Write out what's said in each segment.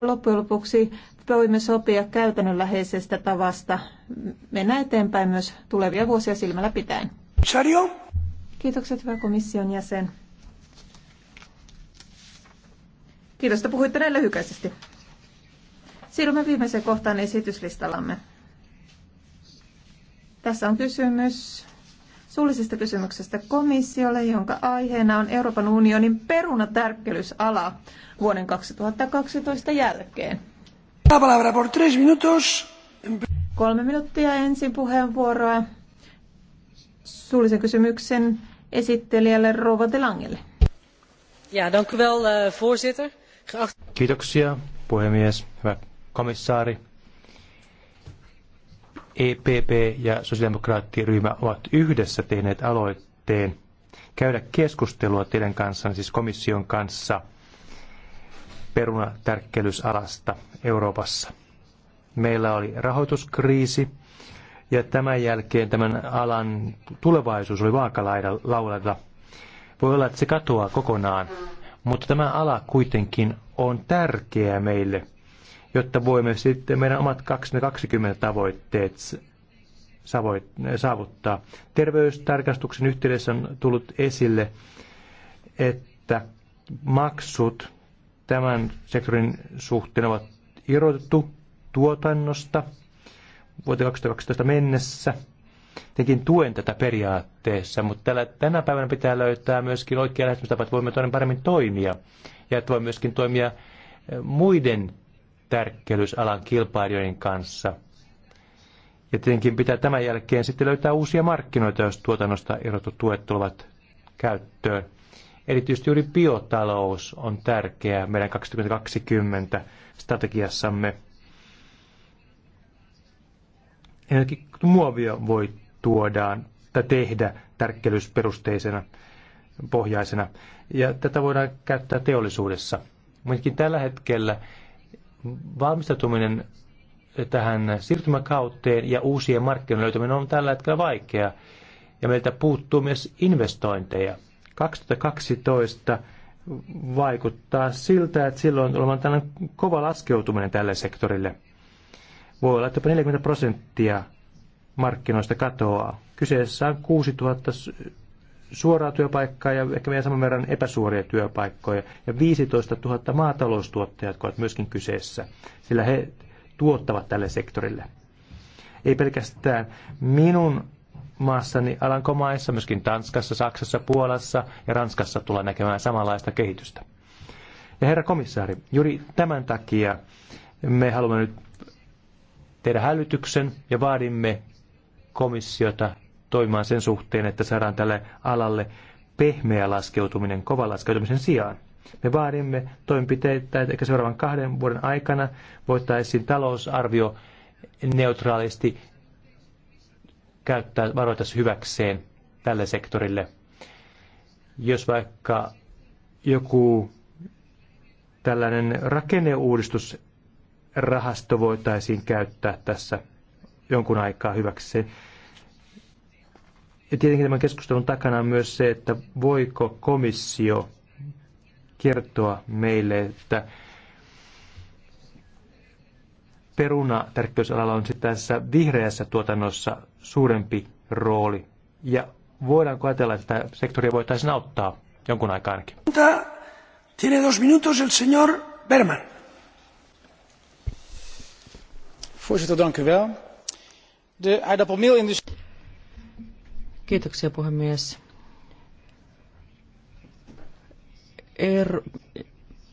Loppujen lopuksi voimme sopia käytännönläheisestä tavasta mennä eteenpäin myös tulevia vuosia silmällä pitäen. Sario? Kiitokset, hyvä komission jäsen. Kiitos, että puhuitte näin lyhykäisesti. Siirrymme viimeiseen kohtaan esityslistallamme. Tässä on kysymys suullisesta kysymyksestä komissiolle, jonka aiheena on Euroopan unionin perunatärkkelysala vuoden 2012 jälkeen. Kolme minuuttia ensin puheenvuoroa suullisen kysymyksen esittelijälle Rova Delangelle. Ja, dank u wel, eh, voorzitter. Kiitoksia, puhemies, hyvä komissaari. EPP ja sosiaalidemokraattiryhmä ovat yhdessä tehneet aloitteen käydä keskustelua teidän kanssanne, siis komission kanssa, perunatärkkelysalasta Euroopassa. Meillä oli rahoituskriisi ja tämän jälkeen tämän alan tulevaisuus oli vaakalaudalla. Voi olla, että se katoaa kokonaan, mutta tämä ala kuitenkin on tärkeä meille – jotta voimme sitten meidän omat 2020 tavoitteet saavuttaa. Terveystarkastuksen yhteydessä on tullut esille, että maksut tämän sektorin suhteen ovat irrotettu tuotannosta vuoteen 2012 mennessä. Tekin tuen tätä periaatteessa, mutta tällä, tänä päivänä pitää löytää myöskin oikea lähestymistapa, että voimme toinen paremmin toimia ja että voi myöskin toimia eh, muiden tärkkelysalan kilpailijoiden kanssa. Ja tietenkin pitää tämän jälkeen sitten löytää uusia markkinoita, jos tuotannosta erotut tuet tulevat käyttöön. Erityisesti juuri biotalous on tärkeää meidän 2020 strategiassamme. Ennenkin muovia voi tuodaan tai tehdä tärkkelysperusteisena pohjaisena. Ja tätä voidaan käyttää teollisuudessa. Mutta tällä hetkellä valmistautuminen tähän siirtymäkauteen ja uusien markkinoiden löytäminen on tällä hetkellä vaikeaa. Ja meiltä puuttuu myös investointeja. 2012 vaikuttaa siltä, että silloin on tällainen kova laskeutuminen tälle sektorille. Voi olla, että 40 prosenttia markkinoista katoaa. Kyseessä on 6000 suoraa työpaikkaa ja ehkä vielä saman verran epäsuoria työpaikkoja. Ja 15 000 maataloustuottajat ovat myöskin kyseessä, sillä he tuottavat tälle sektorille. Ei pelkästään minun maassani Alankomaissa, myöskin Tanskassa, Saksassa, Puolassa ja Ranskassa tulee näkemään samanlaista kehitystä. Ja herra komissaari, juuri tämän takia me haluamme nyt tehdä hälytyksen ja vaadimme komissiota toimimaan sen suhteen, että saadaan tälle alalle pehmeä laskeutuminen kovan laskeutumisen sijaan. Me vaadimme toimenpiteitä, että ehkä seuraavan kahden vuoden aikana voitaisiin talousarvio neutraalisti käyttää varoita hyväkseen tälle sektorille. Jos vaikka joku tällainen rakenneuudistusrahasto voitaisiin käyttää tässä jonkun aikaa hyväkseen, ja tietenkin tämän keskustelun takana on myös se, että voiko komissio kertoa meille, että peruna tärkeysalalla on sitten tässä vihreässä tuotannossa suurempi rooli. Ja voidaanko ajatella, että tätä sektoria voitaisiin auttaa jonkun aikaa ainakin? Tiene dos minutos el señor Berman. Voorzitter, dank u wel. De aardappelmeelindustrie... Kiitoksia puhemies. Er,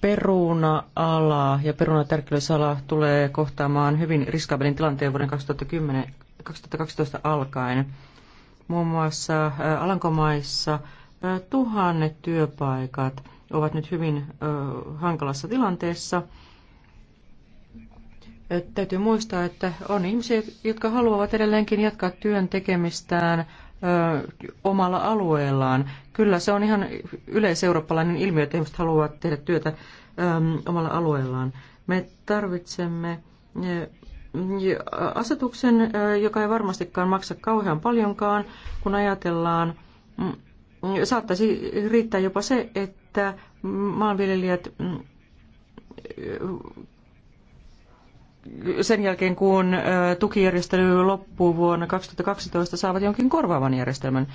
peruna-ala ja perunatärkkelysala tulee kohtaamaan hyvin riskaabelin tilanteen vuoden 2010, 2012 alkaen. Muun muassa äh, Alankomaissa äh, tuhannet työpaikat ovat nyt hyvin äh, hankalassa tilanteessa. Täytyy muistaa, että on ihmisiä, jotka haluavat edelleenkin jatkaa työn tekemistään – omalla alueellaan. Kyllä se on ihan yleiseurooppalainen ilmiö, että ihmiset haluavat tehdä työtä ö, omalla alueellaan. Me tarvitsemme ö, asetuksen, ö, joka ei varmastikaan maksa kauhean paljonkaan, kun ajatellaan, mm, saattaisi riittää jopa se, että maanviljelijät mm, sen jälkeen, kun tukijärjestely loppuu vuonna 2012, saavat jonkin korvaavan järjestelmän.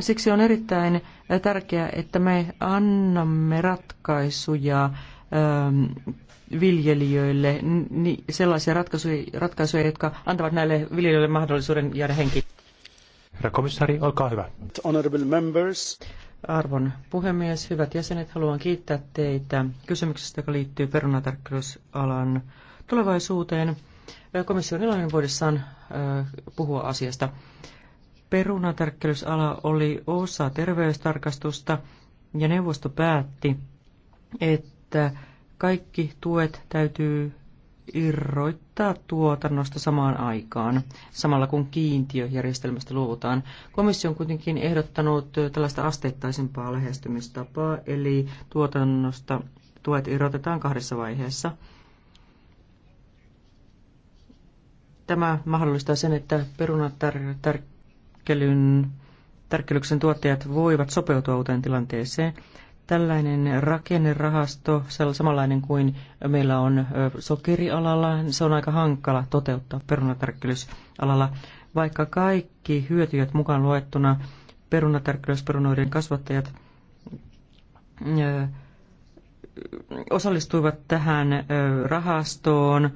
Siksi on erittäin tärkeää, että me annamme ratkaisuja viljelijöille, sellaisia ratkaisuja, ratkaisuja jotka antavat näille viljelijöille mahdollisuuden jäädä henkiin. Herra komissaari, olkaa hyvä. Honorable members. Arvon puhemies, hyvät jäsenet, haluan kiittää teitä kysymyksestä, joka liittyy perunatarkkailusalan tulevaisuuteen. Komission iloinen voidessaan puhua asiasta. Perunatärkkelysala oli osa terveystarkastusta ja neuvosto päätti, että kaikki tuet täytyy irroittaa tuotannosta samaan aikaan, samalla kun kiintiöjärjestelmästä luovutaan. Komissio on kuitenkin ehdottanut tällaista asteittaisempaa lähestymistapaa, eli tuotannosta tuet irrotetaan kahdessa vaiheessa – Tämä mahdollistaa sen, että perunatärkkelyn tärkkelyksen tuottajat voivat sopeutua uuteen tilanteeseen. Tällainen rakennerahasto, samanlainen kuin meillä on sokerialalla, se on aika hankala toteuttaa perunatärkkelysalalla. Vaikka kaikki hyötyjät mukaan luettuna, perunatärkkelysperunoiden kasvattajat osallistuivat tähän rahastoon,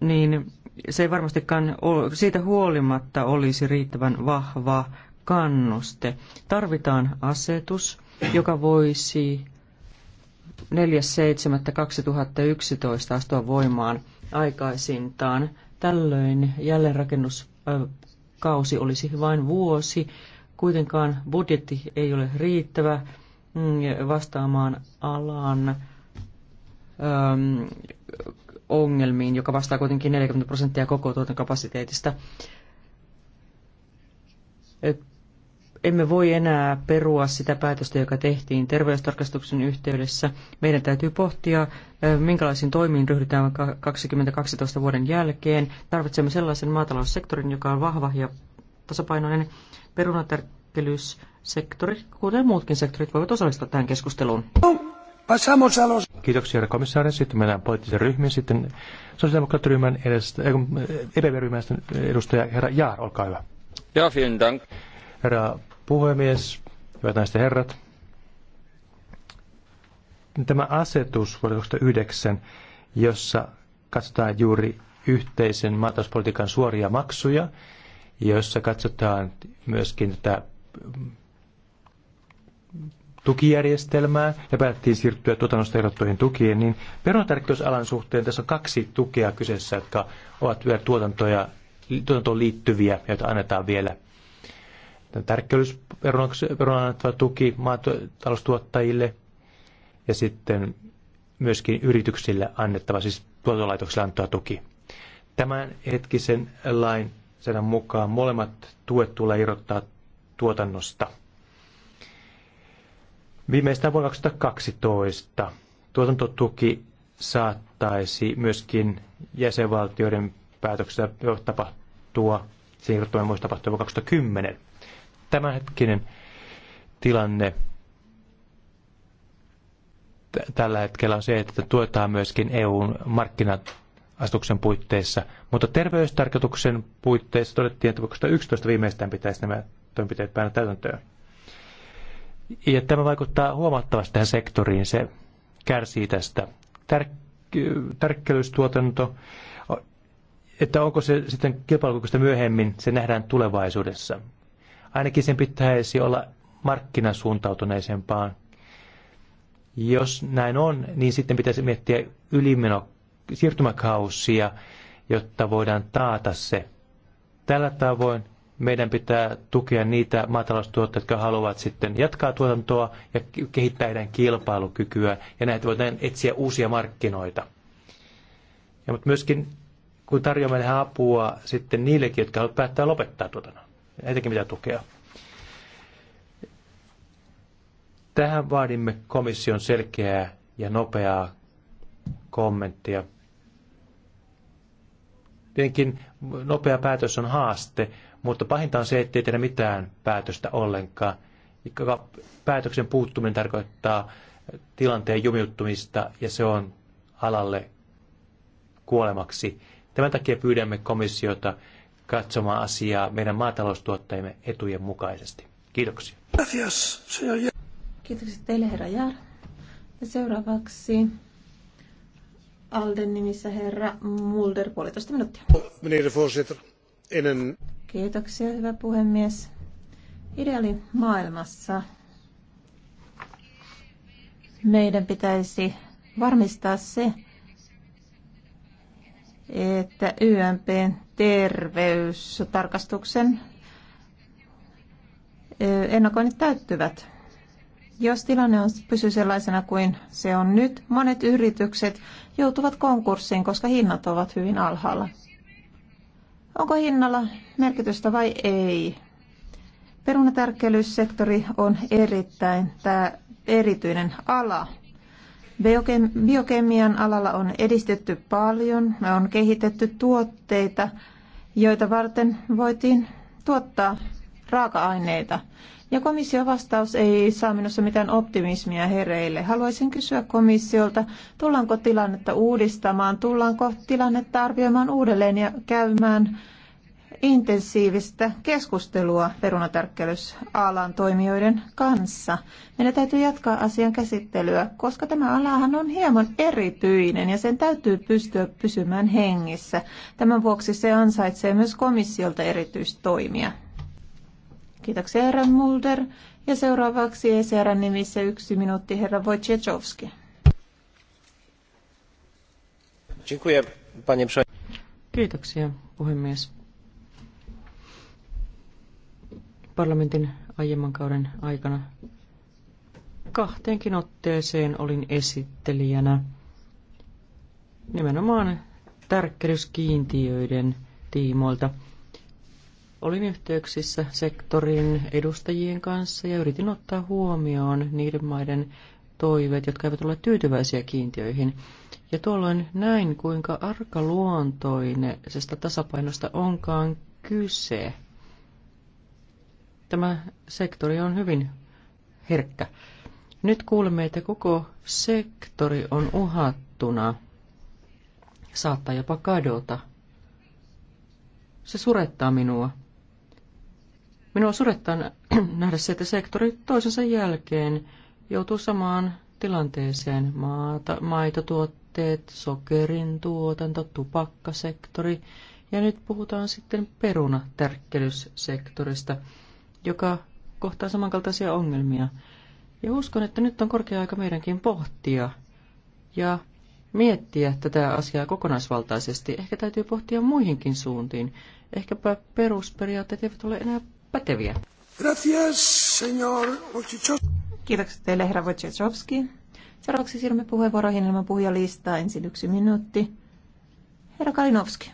niin se ei varmastikaan siitä huolimatta olisi riittävän vahva kannuste. Tarvitaan asetus, joka voisi 4.7.2011 astua voimaan aikaisintaan. Tällöin jälleenrakennuskausi olisi vain vuosi. Kuitenkaan budjetti ei ole riittävä mm, vastaamaan alan ongelmiin, joka vastaa kuitenkin 40 prosenttia koko tuotantokapasiteetista. Emme voi enää perua sitä päätöstä, joka tehtiin terveystarkastuksen yhteydessä. Meidän täytyy pohtia, minkälaisiin toimiin ryhdytään 2012 vuoden jälkeen. Tarvitsemme sellaisen maataloussektorin, joka on vahva ja tasapainoinen. Perunatärkkelyssektori, kuten muutkin sektorit, voivat osallistua tähän keskusteluun. Pasamos a los... Kiitoksia, herra komissaari. Sitten mennään poliittisen ryhmiin. Sitten sosiaalidemokraattiryhmän edustaja, eh, edustaja herra Jaar, olkaa hyvä. Ja, vielen dank. Herra puhemies, hyvät naiset ja herrat. Tämä asetus vuodelta 2009, jossa katsotaan juuri yhteisen maatalouspolitiikan suoria maksuja, jossa katsotaan myöskin tätä tukijärjestelmää ja päätettiin siirtyä tuotannosta erottuihin tukiin, niin perunatärkkyysalan suhteen tässä on kaksi tukea kyseessä, jotka ovat vielä tuotantoja, tuotantoon liittyviä, joita annetaan vielä. Tärkkeysperunan annettava tuki maataloustuottajille ja sitten myöskin yrityksille annettava, siis tuotantolaitoksille annettava tuki. Tämän hetkisen lain sen mukaan molemmat tuet tulee irrottaa tuotannosta – Viimeistään vuonna 2012 tuotantotuki saattaisi myöskin jäsenvaltioiden päätöksessä tapahtua, siirtymä voisi tapahtua vuonna 2010. Tämänhetkinen tilanne tällä hetkellä on se, että tuetaan myöskin EUn markkinastuksen puitteissa, mutta terveystarkoituksen puitteissa todettiin, että 2011 viimeistään pitäisi nämä toimenpiteet päällä täytäntöön. Ja tämä vaikuttaa huomattavasti tähän sektoriin, se kärsii tästä. tärkkelystuotanto, että onko se sitten kilpailukykyistä myöhemmin, se nähdään tulevaisuudessa. Ainakin sen pitäisi olla markkinasuuntautuneisempaan. Jos näin on, niin sitten pitäisi miettiä ylimeno siirtymäkausia, jotta voidaan taata se. Tällä tavoin meidän pitää tukea niitä maataloustuottajia, jotka haluavat sitten jatkaa tuotantoa ja kehittää heidän kilpailukykyä. Ja näitä voidaan etsiä uusia markkinoita. Ja, mutta myöskin kun tarjoamme tähän apua sitten niillekin, jotka haluavat päättää lopettaa tuotannon. Heitäkin pitää tukea. Tähän vaadimme komission selkeää ja nopeaa kommenttia. Tietenkin nopea päätös on haaste, mutta pahinta on se, ettei tehdä mitään päätöstä ollenkaan. Päätöksen puuttuminen tarkoittaa tilanteen jumiuttumista ja se on alalle kuolemaksi. Tämän takia pyydämme komissiota katsomaan asiaa meidän maataloustuottajimme etujen mukaisesti. Kiitoksia. Kiitoksia teille, herra Jär. Ja seuraavaksi Alden nimissä herra Mulder, puolitoista minuuttia. Meneer de Kiitoksia, hyvä puhemies. Ideali maailmassa meidän pitäisi varmistaa se, että YMP terveystarkastuksen ennakoinnit täyttyvät. Jos tilanne on, pysyy sellaisena kuin se on nyt, monet yritykset joutuvat konkurssiin, koska hinnat ovat hyvin alhaalla. Onko hinnalla merkitystä vai ei? Perunatärkkelyssektori on erittäin tämä erityinen ala. Biokemian alalla on edistetty paljon, me on kehitetty tuotteita, joita varten voitiin tuottaa raaka-aineita. Ja komission vastaus ei saa minussa mitään optimismia hereille. Haluaisin kysyä komissiolta, tullaanko tilannetta uudistamaan, tullaanko tilannetta arvioimaan uudelleen ja käymään intensiivistä keskustelua perunatärkkelysalan toimijoiden kanssa. Meidän täytyy jatkaa asian käsittelyä, koska tämä alahan on hieman erityinen ja sen täytyy pystyä pysymään hengissä. Tämän vuoksi se ansaitsee myös komissiolta erityistoimia. Kiitoksia herra Mulder. Ja seuraavaksi ECRn nimissä yksi minuutti herra Wojciechowski. Kiitoksia puhemies. Parlamentin aiemman kauden aikana kahteenkin otteeseen olin esittelijänä nimenomaan tärkkelyskiintiöiden tiimoilta – Olin yhteyksissä sektorin edustajien kanssa ja yritin ottaa huomioon niiden maiden toiveet, jotka eivät ole tyytyväisiä kiintiöihin. Ja tuolloin näin, kuinka arkaluontoisesta tasapainosta onkaan kyse. Tämä sektori on hyvin herkkä. Nyt kuulemme, että koko sektori on uhattuna. Saattaa jopa kadota. Se surettaa minua. Minua surettaa nähdä se, että sektori toisensa jälkeen joutuu samaan tilanteeseen. Maata, maitotuotteet, sokerin tuotanto, tupakkasektori ja nyt puhutaan sitten perunatärkkelyssektorista, joka kohtaa samankaltaisia ongelmia. Ja uskon, että nyt on korkea aika meidänkin pohtia ja miettiä tätä asiaa kokonaisvaltaisesti. Ehkä täytyy pohtia muihinkin suuntiin. Ehkäpä perusperiaatteet eivät ole enää päteviä. Gracias, señor Kiitokset teille, herra Wojciechowski. Seuraavaksi siirrymme puheenvuoroihin ilman puhujalistaa. Ensin yksi minuutti. Herra Kalinowski.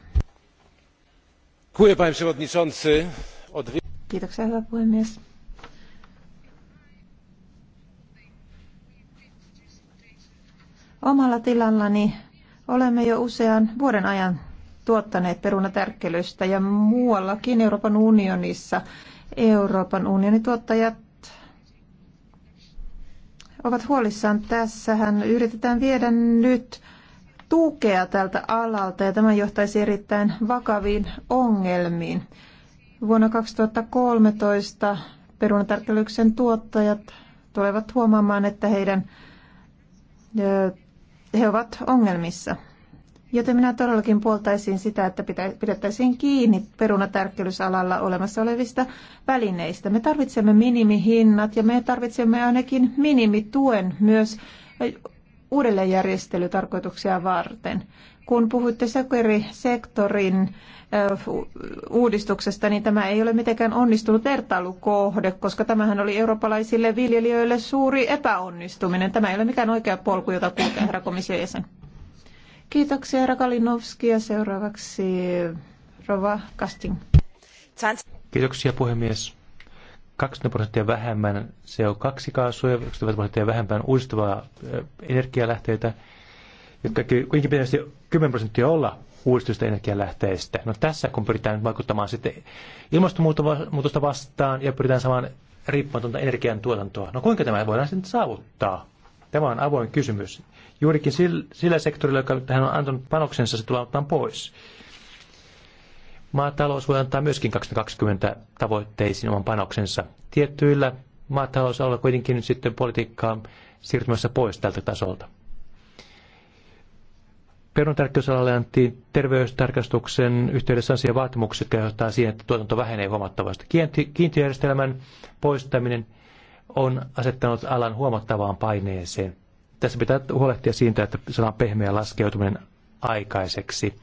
Kiitoksia, hyvä puhemies. Omalla tilallani olemme jo usean vuoden ajan tuottaneet perunatärkkelystä ja muuallakin Euroopan unionissa Euroopan unionin tuottajat ovat huolissaan. Tässähän yritetään viedä nyt tukea tältä alalta ja tämä johtaisi erittäin vakaviin ongelmiin. Vuonna 2013 perunatärkkelyksen tuottajat tulevat huomaamaan, että heidän, he ovat ongelmissa. Joten minä todellakin puoltaisin sitä, että pidettäisiin kiinni perunatärkkelysalalla olemassa olevista välineistä. Me tarvitsemme minimihinnat ja me tarvitsemme ainakin minimituen myös uudelleenjärjestelytarkoituksia varten. Kun puhutte sokerisektorin uudistuksesta, niin tämä ei ole mitenkään onnistunut vertailukohde, koska tämähän oli eurooppalaisille viljelijöille suuri epäonnistuminen. Tämä ei ole mikään oikea polku, jota kulkee herra komission jäsen. Kiitoksia, Rakalinovski, ja seuraavaksi Rova Kasting. Kiitoksia, puhemies. 20 prosenttia vähemmän CO2-kaasuja, 20 prosenttia vähemmän uudistuvaa energialähteitä, jotka kuitenkin pitäisi 10 prosenttia olla uudistusta energialähteistä. No tässä, kun pyritään vaikuttamaan sitten ilmastonmuutosta vastaan ja pyritään saamaan riippumatonta energiantuotantoa. No kuinka tämä voidaan sitten saavuttaa? Tämä on avoin kysymys. Juurikin sillä sektorilla, joka tähän on antanut panoksensa, se tulee ottaa pois. Maatalous voi antaa myöskin 2020 tavoitteisiin oman panoksensa. Tiettyillä maatalousalueilla kuitenkin nyt sitten politiikkaa siirtymässä pois tältä tasolta. Peruntarkkeusalalle antiin terveystarkastuksen yhteydessä asia vaatimukset, jotka johtaa siihen, että tuotanto vähenee huomattavasti. Kiintiöjärjestelmän poistaminen – on asettanut alan huomattavaan paineeseen. Tässä pitää huolehtia siitä, että saadaan pehmeä laskeutuminen aikaiseksi.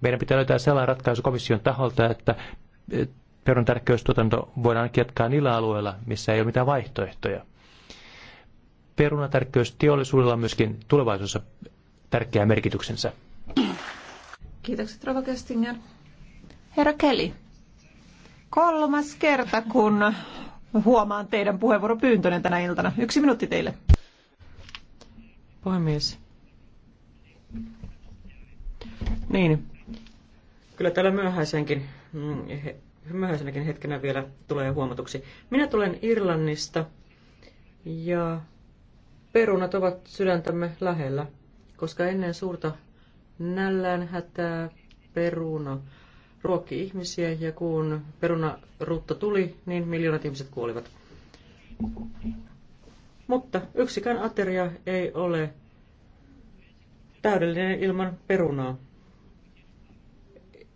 Meidän pitää löytää sellainen ratkaisu komission taholta, että eh, perun tärkeystuotanto voidaan jatkaa niillä alueilla, missä ei ole mitään vaihtoehtoja. Perunatärkkeysteollisuudella on myöskin tulevaisuudessa tärkeä merkityksensä. Kiitokset Rova Kestinger. Herra Kelly, kolmas kerta kun huomaan teidän puheenvuoropyyntönne tänä iltana. Yksi minuutti teille. Puhemies. Niin. Kyllä täällä myöhäisenkin, mm, myöhäisenäkin hetkenä vielä tulee huomatuksi. Minä tulen Irlannista ja perunat ovat sydäntämme lähellä, koska ennen suurta nällään hätää peruna ruokki ihmisiä ja kun perunarutta tuli, niin miljoonat ihmiset kuolivat. Mutta yksikään ateria ei ole täydellinen ilman perunaa.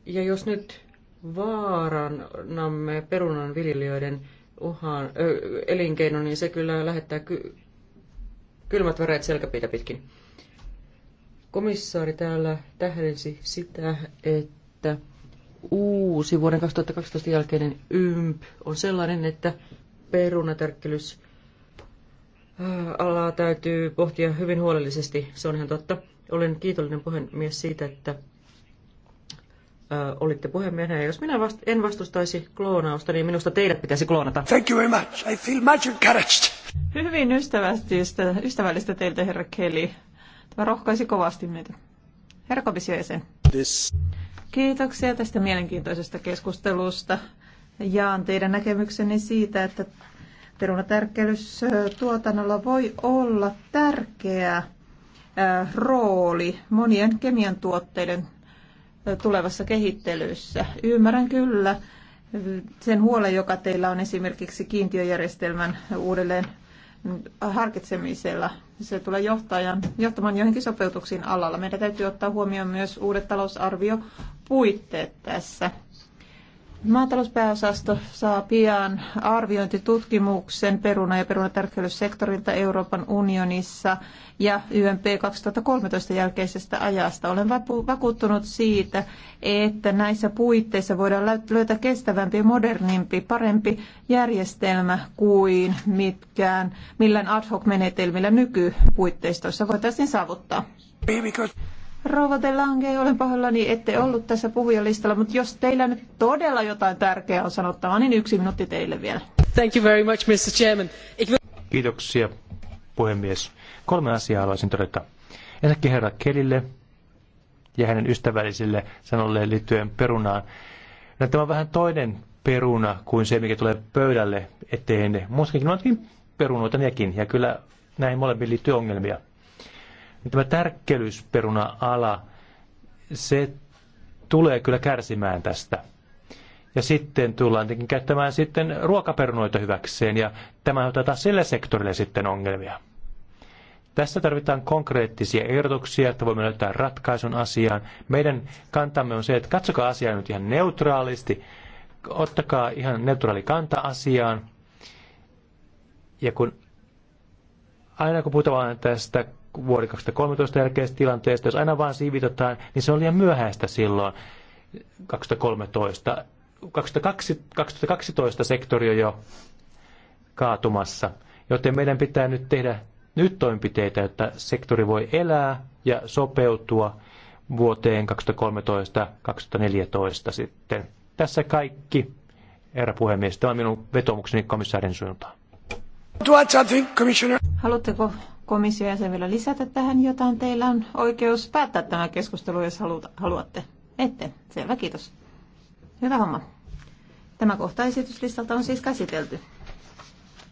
Ja jos nyt vaarannamme perunan viljelijöiden uhan, ö, elinkeinon, niin se kyllä lähettää ky- kylmät väreet selkäpiitä pitkin. Komissaari täällä tähdensi sitä, että uusi vuoden 2012 jälkeinen YMP on sellainen, että perunatärkkelys äh, alaa täytyy pohtia hyvin huolellisesti. Se on ihan totta. Olen kiitollinen puhemies siitä, että äh, olitte puhemiehenä. Ja jos minä vast- en vastustaisi kloonausta, niin minusta teidät pitäisi kloonata. Thank you very much. I feel much encouraged. Hyvin ystävällistä, ystävällistä teiltä, herra Kelly. Tämä rohkaisi kovasti meitä. Herra komission jäsen. This. Kiitoksia tästä mielenkiintoisesta keskustelusta. Jaan teidän näkemykseni siitä, että perunatärkkelys tuotannolla voi olla tärkeä äh, rooli monien kemian tuotteiden äh, tulevassa kehittelyssä. Ymmärrän kyllä äh, sen huolen, joka teillä on esimerkiksi kiintiöjärjestelmän uudelleen harkitsemisella se tulee johtajan, johtamaan joihinkin sopeutuksiin alalla. Meidän täytyy ottaa huomioon myös uudet talousarviopuitteet tässä. Maatalouspääosasto saa pian arviointitutkimuksen peruna- ja perunatärkeilyssektorilta Euroopan unionissa ja YMP 2013 jälkeisestä ajasta. Olen vakuuttunut siitä, että näissä puitteissa voidaan löytää kestävämpi, modernimpi, parempi järjestelmä kuin mitkään, millään ad hoc-menetelmillä nykypuitteistoissa voitaisiin saavuttaa. Rouva de Lange, olen pahoillani, ette ollut tässä puhujalistalla, mutta jos teillä nyt todella jotain tärkeää on sanottavaa, niin yksi minuutti teille vielä. Thank you very much, Mr. Chairman. Kiitoksia, puhemies. Kolme asiaa haluaisin todeta. Ensinnäkin herra Kelille ja hänen ystävällisille sanolle liittyen perunaan. No, tämä on vähän toinen peruna kuin se, mikä tulee pöydälle eteen. Muistakin on perunoita nekin, ja kyllä näihin molempiin liittyy ongelmia tämä tärkkelysperuna-ala, se tulee kyllä kärsimään tästä. Ja sitten tullaan tietenkin käyttämään sitten ruokaperunoita hyväkseen, ja tämä aiheuttaa taas sille sektorille sitten ongelmia. Tässä tarvitaan konkreettisia ehdotuksia, että voimme löytää ratkaisun asiaan. Meidän kantamme on se, että katsokaa asiaa nyt ihan neutraalisti, ottakaa ihan neutraali kanta asiaan. Ja kun aina kun puhutaan tästä vuoden 2013 jälkeisestä tilanteesta, jos aina vaan siivitetään, niin se on liian myöhäistä silloin 2013. 2012, sektori on jo kaatumassa, joten meidän pitää nyt tehdä nyt toimenpiteitä, että sektori voi elää ja sopeutua vuoteen 2013-2014 sitten. Tässä kaikki, herra puhemies. Tämä on minun vetomukseni komissaarin suuntaan. Haluatteko komission jäsen vielä lisätä tähän jotain? Teillä on oikeus päättää tämä keskustelu, jos haluatte. Ette. Selvä, kiitos. Hyvä homma. Tämä kohta esityslistalta on siis käsitelty.